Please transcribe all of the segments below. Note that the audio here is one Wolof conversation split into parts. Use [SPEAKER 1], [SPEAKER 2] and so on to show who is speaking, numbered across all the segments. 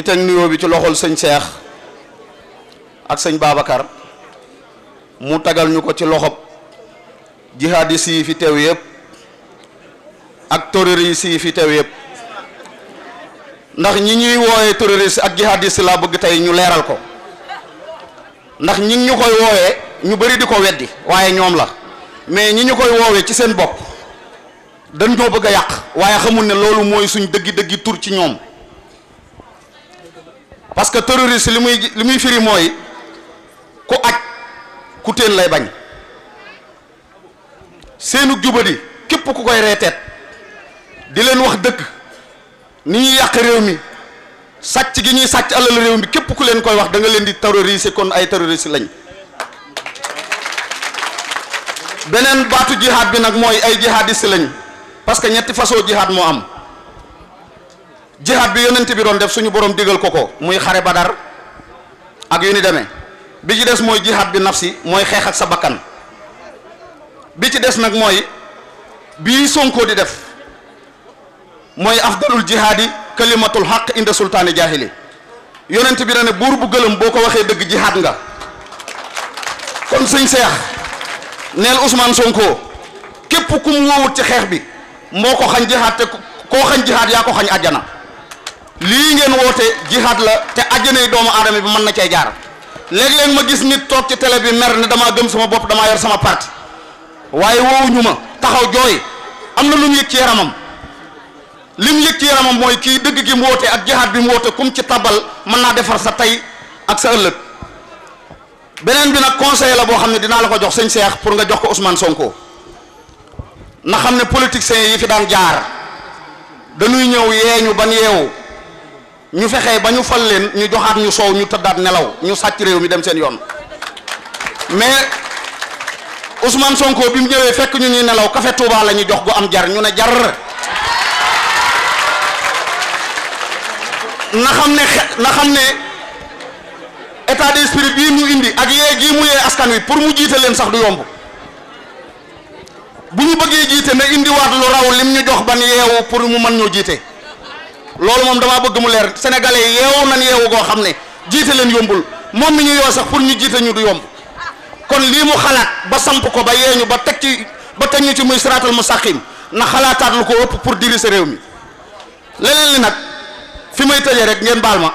[SPEAKER 1] di teg bi ci loxol sañ Cheikh ak sëñ Babacar mu tagal ñu ko ci loxob jihadis yi fi teew yëpp ak terroristes yi fi teew yëpp ndax ñi ñuy wooyee terroriste ak jihadiste laa bëgg tey ñu leeral ko ndax ñi ñu koy woowee ñu bari di ko weddi waaye ñoom la mais ñi ñu koy woowee ci seen bopp dañ ñoo bëgg a yàq waaye xamul ne loolu mooy suñ dëggi dëggi tur ci ñoom parce que terroriste li muy li muy firi mooy ku aj ku téel lay bañ seenu jubadi képp ku koy reeteet di leen wax dëkk ni ñuy yàq réew mi sàcc gi ñuy sàcc alal réew mi képp ku leen koy wax danga leen di terroriser kon ay terroriste lañ beneen baatu jihad bi nag mooy ay jihadiste lañ parce que ñetti façon jihad moo am jihaad bi yonent bi doon def suñu boroom digal ko ko muy xare badar ak yu ni demee bi ci des mooy jihaad bi nafsi mooy xeex ak sa bakkan bi ci des nag mooy bii Sonko di def mooy afdalul jihaadi kalimatul xaq inda sultaani jaahili yonent bi na ne buur bu gëlëm boo ko waxee dëgg jihaad nga kon sëñ seex neel Ousmane Sonko képp ku mu ci xeex bi moo ko xañ jihaad te koo xañ jihaad yaa ko xañ àjjana lii ngeen woote jihaad la te àjjanay doomu aadama bi mën na cay jaar léeg leen ma gis nit toog ci télé bi mer ne damaa gëm sama bopp damaa yor sama parti waaye woowuñu ma taxaw jooy am na lu mu yëg ci yaramam li mu yëg ci yaramam mooy kii dëgg gi mu woote ak jihaad bi mu woote kum ci tabal mën naa defar sa tey ak sa ëllëg beneen bi nag conseil la boo xam ne dinaa la ko jox sëñ Cheikh pour nga jox ko Ousmane Sonko na xam ne politiciens yi fi daan jaar dañuy ñëw yeeñu ban yeewu ñu fexe ba ñu fal leen ñu joxaat ñu soow ñu tëddaat nelaw ñu sàcc réew mi dem seen yoon mais Ousmane Sonko bi mu ñëwee fekk ñu ñuy nelaw café Touba la ñu jox gu am jar ñu ne jar na xam ne na xam ne état d'esprit bii mu indi ak yee gii mu yee askan wi pour mu jiite leen sax du yomb bu ñu bëggee jiite na indiwaat lu raw lim ñu jox ban yeewu pour mu mën ñoo jiite. loolu moom damaa bëgg mu leer sénégalais yi yeewu nan yeewu goo xam ne jiite leen yombul moom mi ñu yoo sax pour ñu jiite ñu du yomb kon lii mu xalaat ba samp ko ba ñu ba teg ci ba teg ñu ci muy siraatal mustaqim na xalaataat lu ko ëpp pour diriger réew mi leneen li nag fi may tëjee rek ngeen baal ma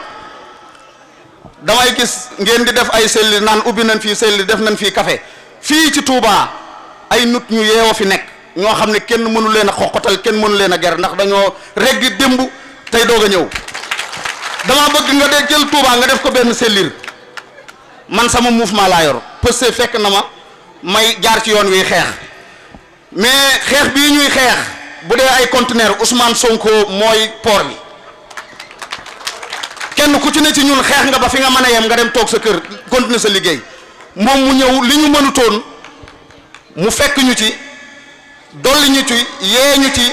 [SPEAKER 1] damay gis ngeen di def ay selli naan ubbi nañ fii selli def nañ fii kafe fii ci Touba ay nit ñu yeewa fi nekk ñoo xam ne kenn mënu leen a xoqatal kenn mënu leen a ger ndax dañoo reggi démb tey doog a ñëw dama bëgg nga de jël Touba nga def ko benn sellir man sama mouvement laa yor que fekk na ma may jaar ci yoon wi xeex mais xeex bi ñuy xeex bu dee ay conteneur Ousmane Sonko mooy poor bi kenn ku ci ne ci ñun xeex nga ba fi nga mën a yem nga dem toog sa kër continuer sa liggéey moom mu ñëw li ñu mënutoon mu fekk ñu ci dolli ñu ci yee ñu ci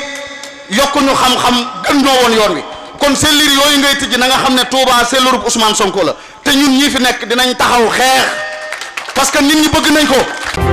[SPEAKER 1] yokk ñu xam-xam gën ñoo woon yoon wi kon sellir yooyu ngay tijji na nga xam ne Touba sellurub Ousmane Sonko la te ñun ñii fi nekk dinañ taxaw xeex parce que nit ñi bëgg nañ ko.